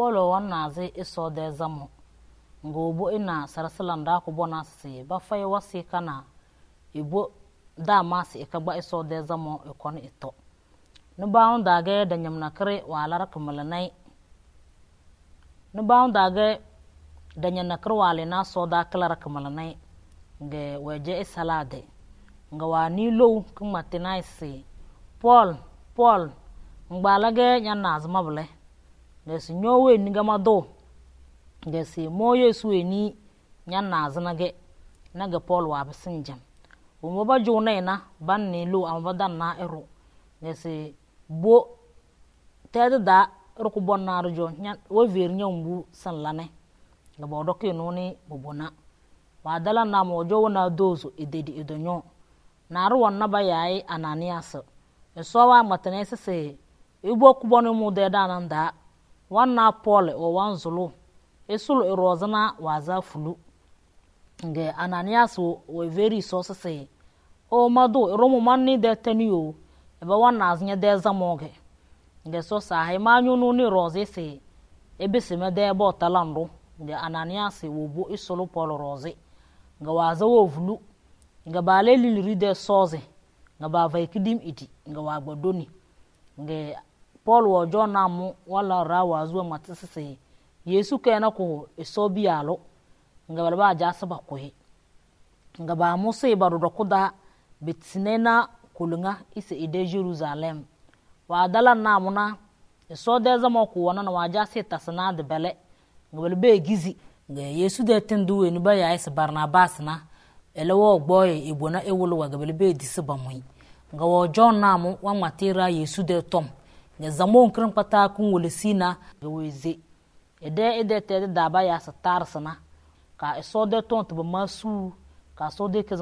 poolo wan naazi isoo e deezamo ngoobo ina sarasalandaako bo e naasisi ba fay wasiikana e ibo daamaasi ikagba isoo deezamo ikon ito nibaanu daage danyamnakri waa larakamalanay nibaanu daage danyanakri waa linaa soo daaka larakamalanay nge weeje isalaade nga waa nii low ka matinaaisi pool pool ngbaalage nyanaazmable desi nyo we ni gama do desi mo ni nya na zana ge na ge paul bi sin jam o ba jo na ina ban ne lo am ba dan na ero desi bo te da ro ko bon na ro jo nya wo ver nya mbu san la ne ga bo do ke no ni bo bona wa dala na mo jo na dozo ededi edonyo na ro wonna ba yayi e, ananias e so wa matane sese ibo e kubonu mu de danan da wanna pɔle wa wan zulu esul irozina e wa za fulu nge ananias wa e veri so sese o madu e romu manni de teniyo ebe wanna azinye de zamoge nge so sahi manyu nu ni rozi se ebe sime de ebe otalandu nge ananias wo bo isulu pɔle rozi nge wa za wo vulu nge ba le liliri de sozi nge ba vaikidim iti nge wa gbadoni nge paul wɔ john na mo wala rawa zuwa mate sese yesu kɛ na ko esɔ bi alo nga bala ba ja saba kohe nga ba mo se ba dodo kuda betine na kulunga ise ide jerusalem wa dala na mo na esɔ de zama ko wana na wa ja se tasana de bele nga bala gizi nga yesu de tindu we ni ba ya ise barnabas na elewo wo gbo e egbo na ewolo wa ga bala be disi ba mo nga wo john na mo wa matera yesu de tom ya zamo kirin pata kun wulisina ga weze ede ede te da ba ya sa na ka iso e de tun ba masu ka so de ke